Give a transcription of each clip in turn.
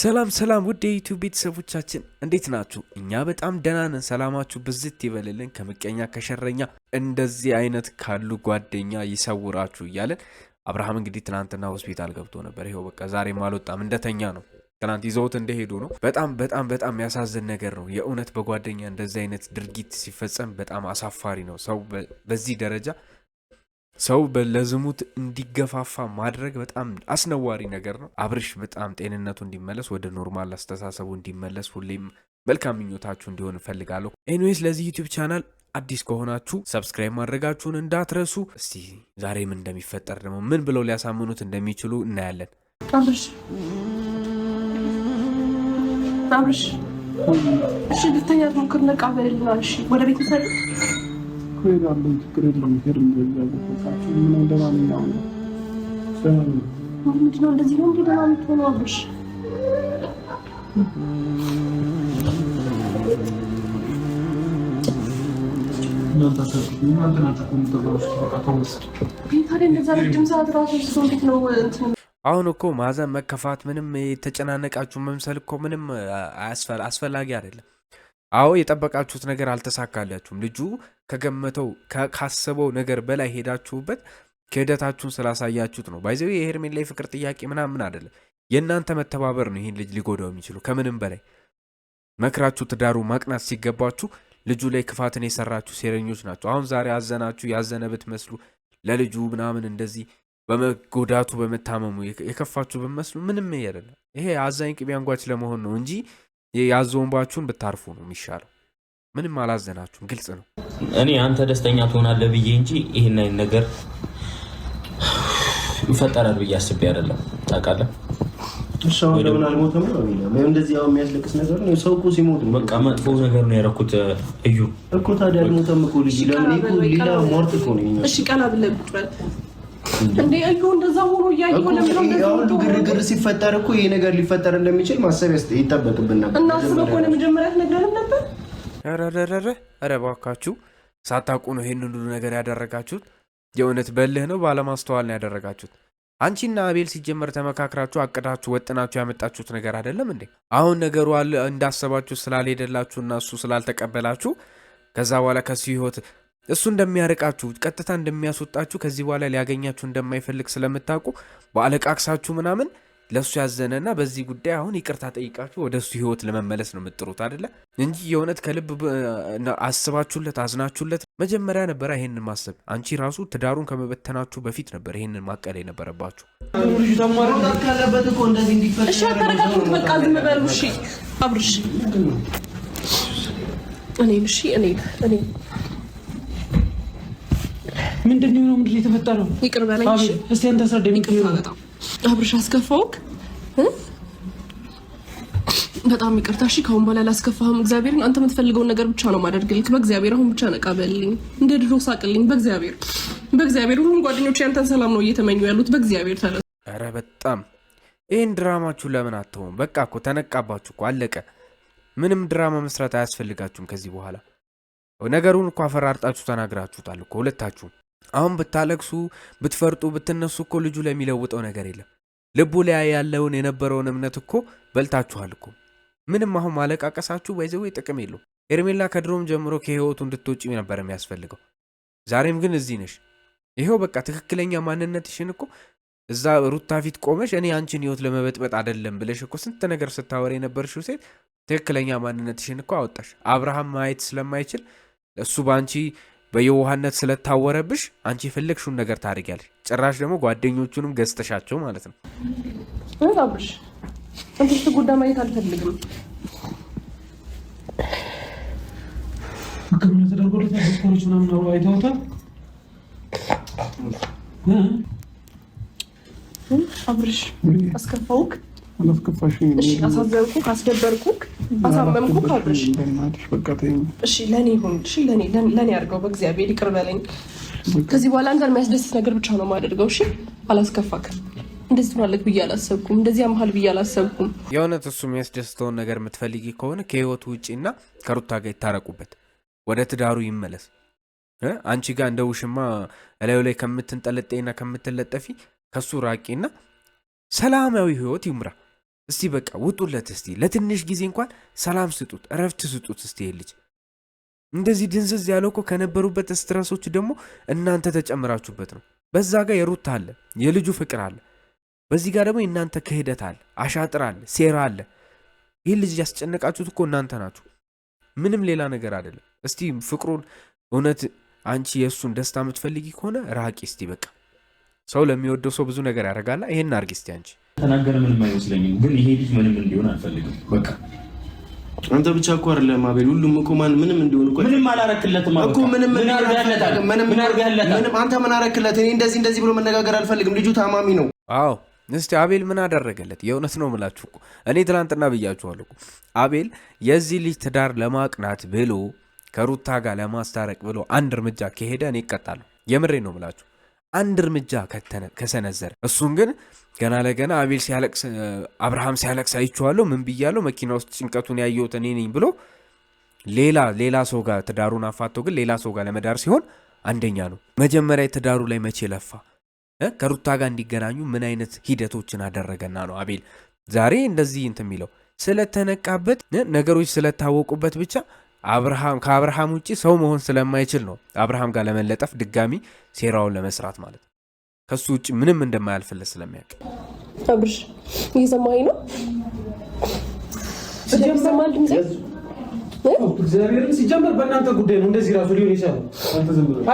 ሰላም ሰላም ውድ የዩቱብ ቤተሰቦቻችን እንዴት ናችሁ? እኛ በጣም ደህና ነን። ሰላማችሁ ብዝት ይበልልን። ከምቀኛ ከሸረኛ እንደዚህ አይነት ካሉ ጓደኛ ይሰውራችሁ እያለን አብርሃም እንግዲህ ትናንትና ሆስፒታል ገብቶ ነበር። ይኸው በቃ ዛሬም አልወጣም እንደተኛ ነው። ትናንት ይዘውት እንደሄዱ ነው። በጣም በጣም በጣም የሚያሳዝን ነገር ነው የእውነት በጓደኛ እንደዚህ አይነት ድርጊት ሲፈጸም በጣም አሳፋሪ ነው። ሰው በዚህ ደረጃ ሰው ለዝሙት እንዲገፋፋ ማድረግ በጣም አስነዋሪ ነገር ነው። አብርሽ በጣም ጤንነቱ እንዲመለስ ወደ ኖርማል አስተሳሰቡ እንዲመለስ ሁሌም መልካም ምኞታችሁ እንዲሆን እፈልጋለሁ። ኤኒዌይስ ለዚህ ዩቲዩብ ቻናል አዲስ ከሆናችሁ ሰብስክራይብ ማድረጋችሁን እንዳትረሱ። እስቲ ዛሬ ምን እንደሚፈጠር ደግሞ ምን ብለው ሊያሳምኑት እንደሚችሉ እናያለን። አብርሽ እሺ ልተኛ ነቃ በልና፣ እሺ ወደ ቤት እሄዳለሁ። ችግር የለም። ሄድ ምን አሁን እኮ ማዘን መከፋት ምንም የተጨናነቃችሁ መምሰል እኮ ምንም አስፈላጊ አይደለም። አዎ የጠበቃችሁት ነገር አልተሳካላችሁም። ልጁ ከገመተው ካሰበው ነገር በላይ ሄዳችሁበት ክህደታችሁን ስላሳያችሁት ነው። ባይዘ የሄርሜን ላይ ፍቅር ጥያቄ ምናምን አይደለም። የእናንተ መተባበር ነው ይህን ልጅ ሊጎዳው የሚችሉ ከምንም በላይ መክራችሁ ትዳሩ ማቅናት ሲገባችሁ ልጁ ላይ ክፋትን የሰራችሁ ሴረኞች ናቸው። አሁን ዛሬ አዘናችሁ ያዘነ ብትመስሉ ለልጁ ምናምን እንደዚህ በመጎዳቱ በመታመሙ የከፋችሁ ብትመስሉ ምንም አይደለም። ይሄ አዛኝ ቅቤ አንጓች ለመሆን ነው እንጂ ያዘውንባችሁን ብታርፉ ነው የሚሻለው። ምንም አላዘናችሁም፣ ግልጽ ነው። እኔ አንተ ደስተኛ ትሆናለህ ብዬ እንጂ ይህን አይነት ነገር ይፈጠራል ብዬ አስቤ አይደለም። ታውቃለህ፣ እንደዚህ የሚያስለቅስ ነገር ነው። ሰው እኮ ሲሞት በቃ መጥፎ ነገር ነው ያደረኩት እዩ እኮ ታዲያ አልሞተም እኮ ልጅ ለምን ሌላ ሟርት እኮ ነው። እሺ ቀና ብለህ ቁጭ በል ሁሉ ግርግር ሲፈጠር እኮ ይህ ነገር ሊፈጠር እንደሚችል ማሰብ ይጠበቅብን ነበር። እናስብ እኮ ለመጀመሪያ ትነግረን ነበር። ኧረ እባካችሁ ሳታውቁ ነው ይህን ሁሉ ነገር ያደረጋችሁት። የእውነት በልህ ነው ባለማስተዋል ነው ያደረጋችሁት። አንቺና አቤል ሲጀመር ተመካክራችሁ አቅዳችሁ ወጥናችሁ ያመጣችሁት ነገር አይደለም እንዴ? አሁን ነገሩ እንዳሰባችሁ ስላልሄደላችሁ እና እሱ ስላልተቀበላችሁ ከዛ በኋላ ከሱ ህይወት እሱ እንደሚያርቃችሁ ቀጥታ እንደሚያስወጣችሁ ከዚህ በኋላ ሊያገኛችሁ እንደማይፈልግ ስለምታውቁ በአለቃቅሳችሁ ምናምን ለእሱ ያዘነና በዚህ ጉዳይ አሁን ይቅርታ ጠይቃችሁ ወደ እሱ ህይወት ለመመለስ ነው የምጥሩት አደለ እንጂ የእውነት ከልብ አስባችሁለት አዝናችሁለት መጀመሪያ ነበረ ይሄንን ማሰብ። አንቺ ራሱ ትዳሩን ከመበተናችሁ በፊት ነበር ይሄንን ማቀል የነበረባችሁ። እኔ ምንድን ነው ምንድን የተፈጠረው? ይቅር በለኝ። እስቲ አንተ አስረዳኝ። በጣም አብርሽ አስከፋውክ። በጣም ይቅርታ። እሺ ከአሁን በኋላ ላስከፋህም። እግዚአብሔርን አንተ የምትፈልገውን ነገር ብቻ ነው ማደርግልክ። በእግዚአብሔር አሁን ብቻ ነቃ እንደ ድሮ ሳቅልኝ። በእግዚአብሔር በእግዚአብሔር ሁሉም ጓደኞች ያንተን ሰላም ነው እየተመኙ ያሉት። በእግዚአብሔር ተለ ኧረ በጣም ይህን ድራማችሁ ለምን አትሆን? በቃ እኮ ተነቃባችሁ እኮ አለቀ። ምንም ድራማ መስራት አያስፈልጋችሁም ከዚህ በኋላ ነገሩን እኮ አፈራርጣችሁ ተናግራችሁታል እኮ ሁለታችሁም። አሁን ብታለቅሱ ብትፈርጡ ብትነሱ እኮ ልጁ ለሚለውጠው ነገር የለም። ልቡ ላይ ያለውን የነበረውን እምነት እኮ በልታችኋል እኮ። ምንም አሁን ማለቃቀሳችሁ ባይዘው ጥቅም የለው? ኤርሜላ ከድሮም ጀምሮ ከህይወቱ እንድትወጪ ነበር የሚያስፈልገው። ዛሬም ግን እዚህ ነሽ። ይኸው በቃ ትክክለኛ ማንነትሽን እኮ እዛ ሩታ ፊት ቆመሽ እኔ አንቺን ህይወት ለመበጥበጥ አይደለም ብለሽ እኮ ስንት ነገር ስታወር የነበርሽው ሴት ትክክለኛ ማንነትሽን እኮ አወጣሽ። አብርሃም ማየት ስለማይችል እሱ በአንቺ በየዋህነት ስለታወረብሽ አንቺ የፈለግሽውን ነገር ታደርጊያለሽ። ጭራሽ ደግሞ ጓደኞቹንም ገዝተሻቸው ማለት ነው። ብሽ ጉዳ ማየት አልፈልግም። አብርሽ አስከፋውክ አላስከፋሽም። አሳዘንኩ፣ ካስደበርኩ፣ አሳመምኩ ካልሽ እሺ ለእኔ ይሁን፣ ለእኔ አድርገው። በእግዚአብሔር ይቅር በለኝ። ከዚህ በኋላ አንተ የሚያስደስት ነገር ብቻ ነው የማደርገው። እሺ አላስከፋክም። እንደዚህ ትሆናለህ ብዬ አላሰብኩም። እንደዚያ መሀል ብዬ አላሰብኩም። የእውነት እሱ የሚያስደስተውን ነገር የምትፈልጊ ከሆነ ከህይወቱ ውጪና ከሩታ ጋር ይታረቁበት፣ ወደ ትዳሩ ይመለስ። አንቺ ጋር እንደ ውሽማ እላዩ ላይ ከምትንጠለጠይና ከምትለጠፊ ከሱ ራቂና ሰላማዊ ህይወት ይምራ። እስቲ በቃ ውጡለት፣ እስቲ ለትንሽ ጊዜ እንኳን ሰላም ስጡት፣ እረፍት ስጡት። እስቲ ልጅ እንደዚህ ድንዝዝ ያለ እኮ ከነበሩበት ስትረሶች ደግሞ እናንተ ተጨምራችሁበት ነው። በዛ ጋር የሩታ አለ፣ የልጁ ፍቅር አለ፣ በዚህ ጋር ደግሞ የእናንተ ክህደት አለ፣ አሻጥር አለ፣ ሴራ አለ። ይህ ልጅ ያስጨነቃችሁት እኮ እናንተ ናችሁ፣ ምንም ሌላ ነገር አይደለም። እስቲ ፍቅሩን እውነት አንቺ የእሱን ደስታ የምትፈልጊ ከሆነ ራቂ እስቲ በቃ። ሰው ለሚወደው ሰው ብዙ ነገር ያደርጋላ። ይሄን አርጊ እስቲ አንቺ ተናገረ ምንም አይመስለኝም፣ ግን ይሄ ልጅ ምንም እንዲሆን አልፈልግም። በቃ አንተ ብቻ እኮ አይደለም አቤል፣ ሁሉም እኮ ማን ምንም እንዲሆን እኮ ምንም አላረክለትም እኮ ምንም ምን አርጋለታል? ምን አርጋለታል? ምንም አንተ ምን አረክለት? እኔ እንደዚህ እንደዚህ ብሎ መነጋገር አልፈልግም። ልጁ ታማሚ ነው። አዎ እስቲ አቤል ምን አደረገለት? የእውነት ነው ምላችሁ እኮ እኔ ትላንትና ብያችኋለሁ እኮ አቤል የዚህ ልጅ ትዳር ለማቅናት ብሎ ከሩታ ጋር ለማስታረቅ ብሎ አንድ እርምጃ ከሄደ እኔ ይቀጣለሁ። የምሬ ነው ምላችሁ አንድ እርምጃ ከሰነዘር እሱን ግን ገና ለገና አቤል ሲያለቅስ አብርሃም ሲያለቅስ አይቼዋለሁ፣ ምን ብያለሁ፣ መኪና ውስጥ ጭንቀቱን ያየሁት እኔ ነኝ ብሎ ሌላ ሌላ ሰው ጋር ትዳሩን አፋቶ ግን ሌላ ሰው ጋር ለመዳር ሲሆን አንደኛ ነው። መጀመሪያ የትዳሩ ላይ መቼ ለፋ? ከሩታ ጋር እንዲገናኙ ምን አይነት ሂደቶችን አደረገና ነው አቤል ዛሬ እንደዚህ እንትን የሚለው? ስለተነቃበት ነገሮች ስለታወቁበት ብቻ አብርሃም ከአብርሃም ውጭ ሰው መሆን ስለማይችል ነው አብርሃም ጋር ለመለጠፍ ድጋሚ ሴራውን ለመስራት ማለት ነው። ከሱ ውጭ ምንም እንደማያልፍለት ስለሚያውቅ አብርሽ እየሰማኸኝ ነው? እግዚአብሔርን ሲጀምር በእናንተ ጉዳይ ነው። እንደዚህ ራሱ ሊሆን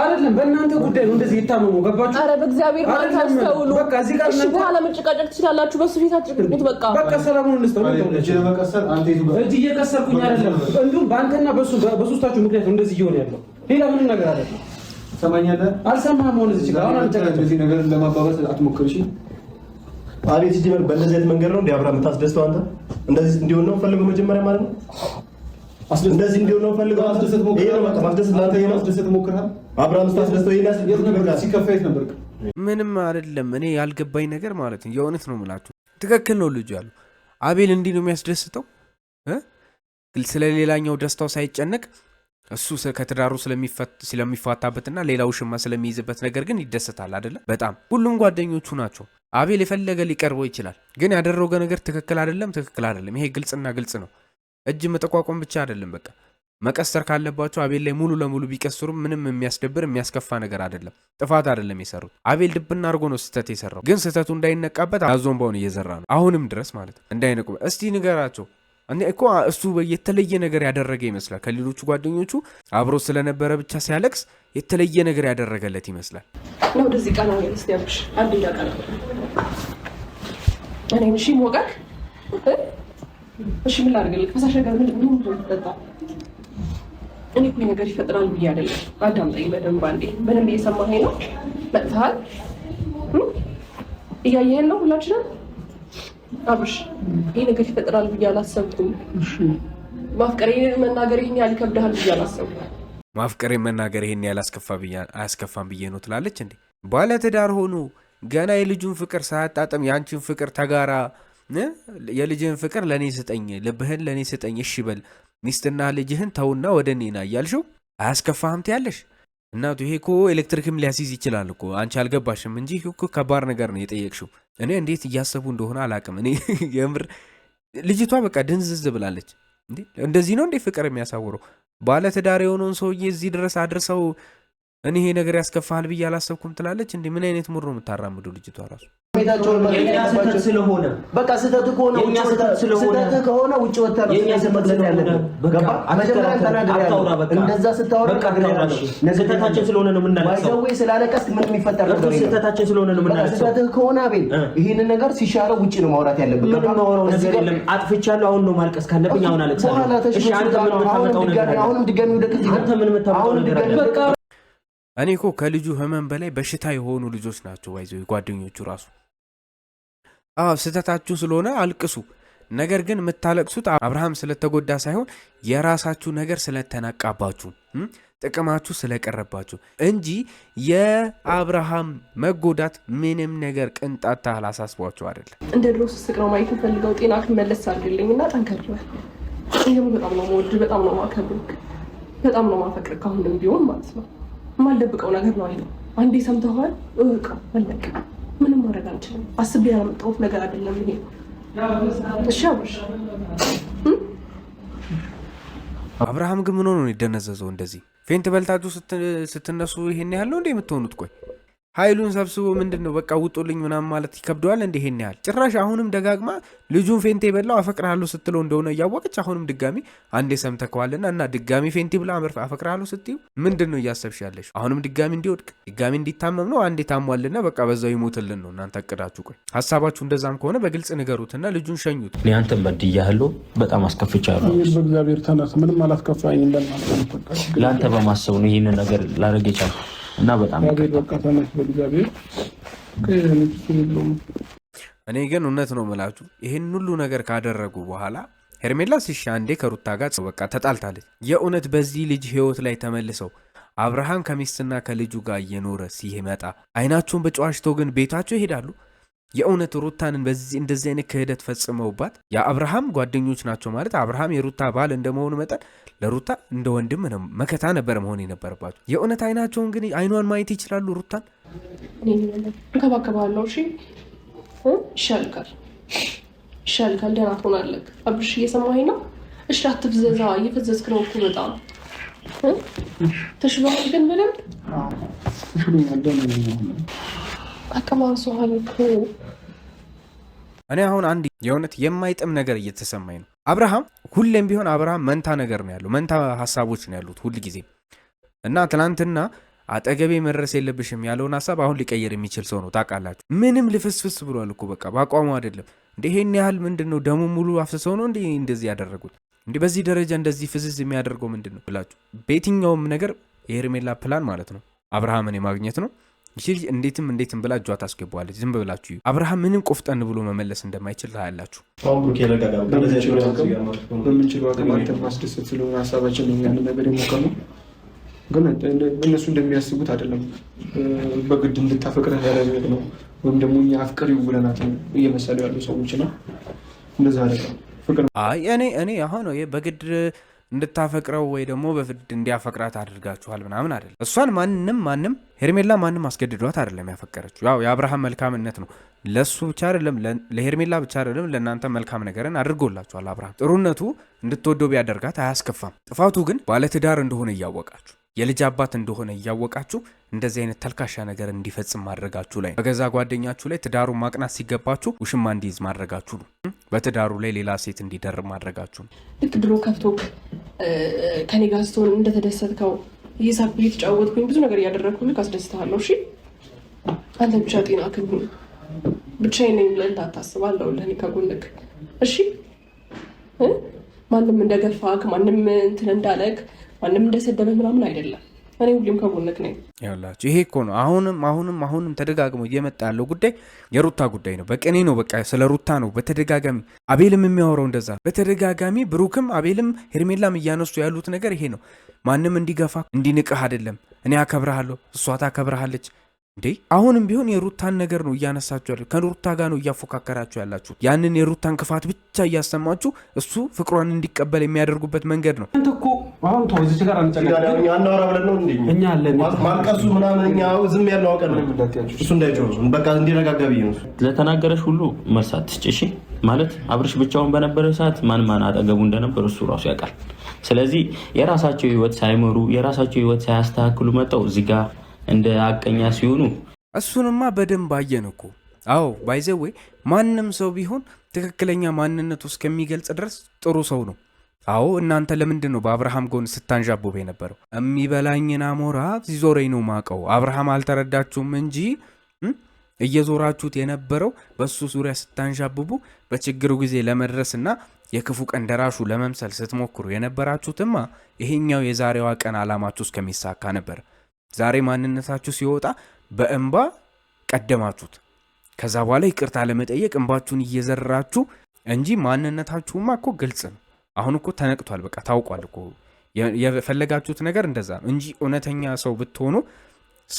አይደለም፣ በእናንተ ጉዳይ ነው። እንደዚህ የታመመው ገባችሁ? ኧረ በእግዚአብሔር በአንተና በሱ በሶስታችሁ ምክንያት እንደዚህ እየሆነ ያለው ሌላ ምንም ነገር አይደለም። ትሰማኛለህ? አልሰማህም? ሆነ አቤት፣ በእንደዚህ አይነት መንገድ ነው እንዲ አብራ የምታስደስተው አንተ። እንደዚህ እንዲሆን ነው ፈልገው መጀመሪያ ማለት ነው እንደዚህ እንዲሆን ነው ፈልገው አስደሰት ሞክረሃል። ነበር ምንም አይደለም። እኔ ያልገባኝ ነገር ማለት ነው የእውነት ነው የምላችሁ ትክክል ነው ልጁ ያለው አቤል እንዲህ ነው የሚያስደስተው ስለሌላኛው ደስታው ሳይጨነቅ እሱ ከትዳሩ ስለሚፋታበትና ሌላው ሽማ ስለሚይዝበት ነገር ግን ይደሰታል አይደለ? በጣም ሁሉም ጓደኞቹ ናቸው። አቤል የፈለገ ሊቀርበው ይችላል፣ ግን ያደረገ ነገር ትክክል አይደለም፣ ትክክል አይደለም። ይሄ ግልጽና ግልጽ ነው። እጅ መጠቋቆም ብቻ አይደለም። በቃ መቀሰር ካለባቸው አቤል ላይ ሙሉ ለሙሉ ቢቀስሩም ምንም የሚያስደብር የሚያስከፋ ነገር አይደለም። ጥፋት አይደለም የሰሩት። አቤል ድብና አድርጎ ነው ስህተት የሰራው፣ ግን ስህተቱ እንዳይነቃበት አዞንባውን እየዘራ ነው አሁንም ድረስ ማለት እንዳይነቁ። እስቲ ንገራቸው እኮ እሱ የተለየ ነገር ያደረገ ይመስላል። ከሌሎቹ ጓደኞቹ አብሮ ስለነበረ ብቻ ሲያለቅስ የተለየ ነገር ያደረገለት ይመስላል። ወደዚህ ቃና ስ አንድ ቃ እሺ ምን ላድርግልህ? ፈሳሽ ነገር ምን ምን ትጠጣ? እኔ እኮ ነገር ይፈጥራል ብዬ አይደለም። አዳምጠኝ በደንብ አንዴ። በደንብ እየሰማኸኝ ነው? መጥተሃል፣ እያየኸኝ ነው። ሁላችንም አብርሽ፣ ይህ ነገር ይፈጥራል ብዬ አላሰብኩም። ማፍቀሬ መናገር ይህን ያህል ይከብድሃል ብዬ አላሰብኩም። ማፍቀሬ መናገር ይህን ያህል አያስከፋም ብዬ ነው ትላለች እንዴ። ባለትዳር ሆኑ ገና የልጁን ፍቅር ሳያጣጥም የአንቺን ፍቅር ተጋራ የልጅህን ፍቅር ለእኔ ስጠኝ፣ ልብህን ለእኔ ስጠኝ፣ እሺ በል ሚስትና ልጅህን ተውና ወደ እኔ ና እያልሽው አያስከፋህም ትያለሽ። እናቱ ይሄ እኮ ኤሌክትሪክም ሊያስይዝ ይችላል እኮ አንቺ አልገባሽም እንጂ እኮ ከባድ ነገር ነው የጠየቅሽው። እኔ እንዴት እያሰቡ እንደሆነ አላቅም። እኔ የምር ልጅቷ በቃ ድንዝዝ ብላለች። እንደዚህ ነው እንዴ ፍቅር የሚያሳውረው? ባለትዳር የሆነውን ሰውዬ እዚህ ድረስ አድርሰው እኔ ይሄ ነገር ያስከፋል ብዬ አላሰብኩም ትላለች። እንዲህ ምን አይነት ሙድ ነው የምታራምዱ? ልጅቷ ራሱ በቃ ከሆነ ከሆነ ውጭ ነው ያለብህ። እንደዛ ስታወራ ስህተታችን ስለሆነ ነው የምናለቅሰው። ስላለቀስክ የሚፈጠር ነገር ስህተታችን ስለሆነ ነው የምናለቅሰው። ስህተትህ ከሆነ አቤል፣ ይህንን ነገር ሲሻለው ውጭ ነው ማውራት ያለብህ። ነገር የለም። አጥፍቻለሁ። አሁን ነው ማልቀስ ካለብኝ አሁን አለቅሳለሁ። አሁንም ድጋሚ ወደ እኔ እኮ ከልጁ ህመም በላይ በሽታ የሆኑ ልጆች ናቸው ይዘ ጓደኞቹ ራሱ። ስህተታችሁ ስለሆነ አልቅሱ። ነገር ግን የምታለቅሱት አብርሃም ስለተጎዳ ሳይሆን የራሳችሁ ነገር ስለተናቃባችሁ፣ ጥቅማችሁ ስለቀረባችሁ እንጂ የአብርሃም መጎዳት ምንም ነገር ቅንጣት ታህል አሳስቧችሁ አይደለም። እንደ ድሮ ስስቅ ነው ማየት ፈልገው ጤና መለስ አድልኝ እና ጠንከር በል። በጣም ነው የምወድህ፣ በጣም ነው የማከብርህ፣ በጣም ነው የማፈቅርህ። ካሁንም ቢሆን ማለት ነው የማልደብቀው ነገር ነው አይደል? አንዴ ሰምተዋል። እቃ መለቀ ምንም ማድረግ አንችልም። አስቤ ያመጣሁት ነገር አይደለም ይሄ። እሺ አብርሃም ግን ምን ሆኖ ነው የደነዘዘው? እንደዚህ ፌንት በልታችሁ ስትነሱ ይሄን ያህል ነው እንደ የምትሆኑት? ቆይ ኃይሉን ሰብስቦ ምንድን ነው በቃ ውጡልኝ ምናምን ማለት ይከብደዋል። እንዲህን ያህል ጭራሽ አሁንም ደጋግማ ልጁን ፌንቴ በላው አፈቅርሃለሁ ስትለው እንደሆነ እያወቀች አሁንም ድጋሚ አንዴ ሰምተከዋልና እና ድጋሚ ፌንቲ ብላ አፈቅርሃለሁ ስትዩ ምንድን ነው እያሰብሽ ያለሽ? አሁንም ድጋሚ እንዲወድቅ ድጋሚ እንዲታመም ነው። አንዴ ታሟልና በቃ በዛው ይሞትልን ነው እናንተ እቅዳችሁ። ቆይ ሀሳባችሁ እንደዛም ከሆነ በግልጽ ንገሩትና ልጁን ሸኙት። እኔ አንተን በድያለሁ፣ በጣም አስከፍቻለሁ። በእግዚአብሔር ተነስ፣ ምንም አላስከፋኝ። ለአንተ በማሰብ ነው ይህንን ነገር ላረግ የቻልኩት እና በጣም እኔ ግን እውነት ነው የምላችሁ ይህን ሁሉ ነገር ካደረጉ በኋላ ሄርሜላ ሲሻ አንዴ ከሩታ ጋር በቃ ተጣልታለች። የእውነት በዚህ ልጅ ህይወት ላይ ተመልሰው አብርሃም ከሚስትና ከልጁ ጋር እየኖረ ሲመጣ አይናቸውን በጨዋሽቶ ግን ቤታቸው ይሄዳሉ። የእውነት ሩታንን በዚህ እንደዚህ አይነት ክህደት ፈጽመውባት የአብርሃም ጓደኞች ናቸው ማለት አብርሃም የሩታ ባል እንደመሆኑ መጠን ለሩታ እንደ ወንድም መከታ ነበር መሆን የነበረባቸው። የእውነት አይናቸውን ግን አይኗን ማየት ይችላሉ። ሩታን እንከባከባለሁ። እሺ ይሻልካል፣ ይሻልካል፣ ደህና ትሆናለህ። አብርሽ እየሰማኸኝ ነው? እሺ አትፍዘዛ፣ እየፈዘዝክ ነው እኮ በጣም ተሽሎሃል። ግን በደምብ አቀማንሶሃል እኮ እኔ አሁን አንድ የእውነት የማይጥም ነገር እየተሰማኝ ነው። አብርሃም ሁሌም ቢሆን አብርሃም መንታ ነገር ነው ያለው፣ መንታ ሀሳቦች ነው ያሉት ሁል ጊዜ እና ትናንትና አጠገቤ መድረስ የለብሽም ያለውን ሀሳብ አሁን ሊቀየር የሚችል ሰው ነው። ታውቃላችሁ፣ ምንም ልፍስፍስ ብሏል እኮ በቃ በአቋሙ አይደለም እንዲ ይሄን ያህል ምንድን ነው ደሙ ሙሉ አፍስሰው ነው እንዲ እንደዚህ ያደረጉት እንዲህ በዚህ ደረጃ እንደዚህ ፍዝዝ የሚያደርገው ምንድን ነው ብላችሁ በየትኛውም ነገር የሄርሜላ ፕላን ማለት ነው አብርሃምን የማግኘት ነው። ይቺ ልጅ እንዴትም እንዴትም ብላ እጇ ታስገባዋለች። ዝም ብላችሁ አብርሃም ምንም ቆፍጠን ብሎ መመለስ እንደማይችል ታያላችሁ። በምንችለው አቅም አንተን ማስደሰት ስለሆነ ሀሳባችን ያንን ነገር የሞከርነው ግን እነሱ እንደሚያስቡት አይደለም። በግድ እንድታፈቅረ ያደረግ ነው ወይም ደግሞ እኛ አፍቅር ይውለናት እየመሰሉ ያሉ ሰዎች ነው። እንደዛ አይ እኔ እኔ አሁን በግድ እንድታፈቅረው ወይ ደግሞ በፍድ እንዲያፈቅራት አድርጋችኋል ምናምን አይደለም። እሷን ማንም ማንም ሄርሜላ ማንም አስገድዷት አይደለም ያፈቀረችው። ያው የአብርሃም መልካምነት ነው ለእሱ ብቻ አይደለም፣ ለሄርሜላ ብቻ አይደለም፣ ለእናንተ መልካም ነገርን አድርጎላችኋል አብርሃም። ጥሩነቱ እንድትወደው ቢያደርጋት አያስከፋም። ጥፋቱ ግን ባለትዳር እንደሆነ እያወቃችሁ የልጅ አባት እንደሆነ እያወቃችሁ እንደዚህ አይነት ተልካሻ ነገር እንዲፈጽም ማድረጋችሁ ላይ በገዛ ጓደኛችሁ ላይ ትዳሩ ማቅናት ሲገባችሁ ውሽማ እንዲይዝ ማድረጋችሁ ነው። በትዳሩ ላይ ሌላ ሴት እንዲደር ማድረጋችሁ ነው። ልክ ድሮ ከፍቶ ከኔ ጋር ስትሆን እንደተደሰትከው ሂሳብ እየተጫወትኩኝ ብዙ ነገር እያደረግኩ ልክ አስደስተሃለሁ። እሺ አንተ ብቻ ጤና ክ ብቻዬን ነኝ ብለህ እንዳታስብ አለሁልህ ከጎንክ እሺ ማንም እንደገፋክ ማንም እንትን እንዳለህ ማንም እንደሰደበ ምናምን አይደለም። እኔ ሁሌም ነኝ። ይሄ እኮ ነው። አሁንም አሁንም አሁንም ተደጋግሞ እየመጣ ያለው ጉዳይ የሩታ ጉዳይ ነው። በቀኔ ነው፣ በቃ ስለ ሩታ ነው በተደጋጋሚ አቤልም የሚያወራው እንደዛ በተደጋጋሚ ብሩክም አቤልም ሄርሜላም እያነሱ ያሉት ነገር ይሄ ነው። ማንም እንዲገፋ እንዲንቅህ አይደለም። እኔ አከብረሃለሁ፣ እሷ ታከብረሃለች። እንዴ አሁንም ቢሆን የሩታን ነገር ነው እያነሳችሁ ያለ ከሩታ ጋር ነው እያፎካከራችሁ ያላችሁ። ያንን የሩታን ክፋት ብቻ እያሰማችሁ እሱ ፍቅሯን እንዲቀበል የሚያደርጉበት መንገድ ነው እኮ አሁን ተው፣ እዚህ ጋር አንጨነቅም። አናወራ ብለን ነው እንዴ? እኛ አለን ማልቀሱ ምናምን እኛ ዝም ያለው አውቀን ነው። እሱ እንዳይጮህ በቃ እንዲረጋጋ ብዬ ነው። ለተናገረሽ ሁሉ መልስ አትስጭ እሺ። ማለት አብርሽ ብቻውን በነበረ ሰዓት ማን ማን አጠገቡ እንደነበር እሱ ራሱ ያውቃል። ስለዚህ የራሳቸው ህይወት ሳይመሩ የራሳቸው ህይወት ሳያስተካክሉ መጠው እዚህ ጋር እንደ አቀኛ ሲሆኑ እሱንማ በደንብ አየን እኮ። አዎ ባይዘዌ ማንም ሰው ቢሆን ትክክለኛ ማንነቱ እስከሚገልጽ ድረስ ጥሩ ሰው ነው። አዎ እናንተ ለምንድን ነው በአብርሃም ጎን ስታንዣብብ የነበረው? የሚበላኝን አሞራ ሲዞረኝ ነው ማቀው። አብርሃም አልተረዳችሁም እንጂ እየዞራችሁት የነበረው በሱ ዙሪያ ስታንዣብቡ፣ በችግሩ ጊዜ ለመድረስና የክፉ ቀን ደራሹ ለመምሰል ስትሞክሩ የነበራችሁትማ ይሄኛው የዛሬዋ ቀን አላማችሁ እስከሚሳካ ነበር። ዛሬ ማንነታችሁ ሲወጣ በእንባ ቀደማችሁት። ከዛ በኋላ ይቅርታ ለመጠየቅ እንባችሁን እየዘራችሁ እንጂ ማንነታችሁማ እኮ ግልጽ ነው። አሁን እኮ ተነቅቷል። በቃ ታውቋል እኮ የፈለጋችሁት ነገር እንደዛ ነው እንጂ እውነተኛ ሰው ብትሆኑ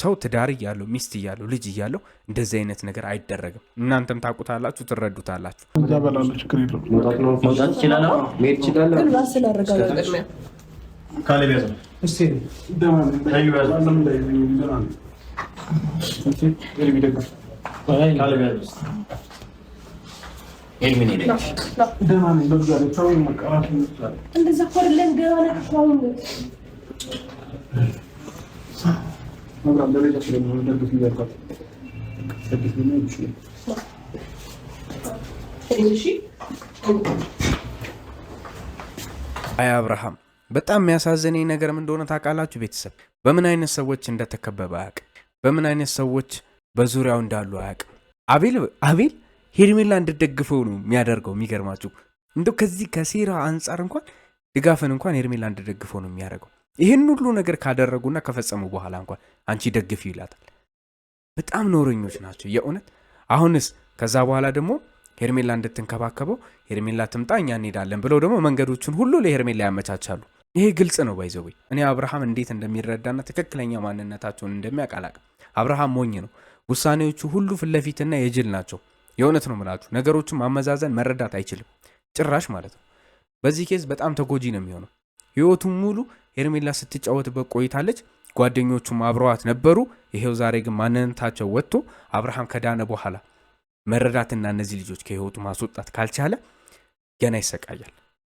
ሰው ትዳር እያለው ሚስት እያለው ልጅ እያለው እንደዚህ አይነት ነገር አይደረግም። እናንተም ታውቁታላችሁ፣ ትረዱታላችሁ። ሄልሚን እንደዛ ገና አይ አብርሃም በጣም የሚያሳዝነኝ ነገር ምን እንደሆነ ታውቃላችሁ? ቤተሰብ በምን አይነት ሰዎች እንደተከበበ አያውቅም። በምን አይነት ሰዎች በዙሪያው እንዳሉ አያውቅም። አቤል አቤል ሄርሜላ እንድደግፈው ነው የሚያደርገው። የሚገርማችሁ እንደው ከዚህ ከሴራ አንጻር እንኳን ድጋፍን እንኳን ሄርሜላ እንድደግፈው ነው የሚያደርገው። ይህን ሁሉ ነገር ካደረጉና ከፈጸሙ በኋላ እንኳን አንቺ ደግፊ ይላታል። በጣም ኖረኞች ናቸው የእውነት። አሁንስ ከዛ በኋላ ደግሞ ሄርሜላ እንድትንከባከበው ሄርሜላ ትምጣ እኛ እንሄዳለን ብለው ደግሞ መንገዶቹን ሁሉ ለሄርሜላ ያመቻቻሉ። ይሄ ግልጽ ነው። ባይዘወይ እኔ አብርሃም እንዴት እንደሚረዳና ትክክለኛ ማንነታቸውን እንደሚያውቅ አብርሃም ሞኝ ነው። ውሳኔዎቹ ሁሉ ፊት የጅል ናቸው። የእውነት ነው ምላችሁ ነገሮችን ማመዛዘን መረዳት አይችልም ጭራሽ ማለት ነው። በዚህ ኬዝ በጣም ተጎጂ ነው የሚሆነው። ህይወቱን ሙሉ ሄርሜላ ስትጫወትበት ቆይታለች። ጓደኞቹም አብረዋት ነበሩ። ይሄው ዛሬ ግን ማንነታቸው ወጥቶ አብርሃም ከዳነ በኋላ መረዳትና እነዚህ ልጆች ከህይወቱ ማስወጣት ካልቻለ ገና ይሰቃያል።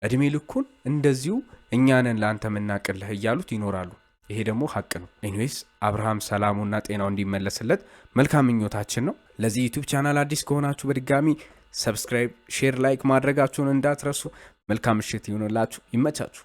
እድሜ ልኩን እንደዚሁ እኛንን ለአንተ ምናቅልህ እያሉት ይኖራሉ። ይሄ ደግሞ ሀቅ ነው። ኤኒዌይስ አብርሃም ሰላሙና ጤናው እንዲመለስለት መልካም ምኞታችን ነው። ለዚህ ዩቱብ ቻናል አዲስ ከሆናችሁ በድጋሚ ሰብስክራይብ፣ ሼር፣ ላይክ ማድረጋችሁን እንዳትረሱ። መልካም ምሽት ይሁንላችሁ። ይመቻችሁ።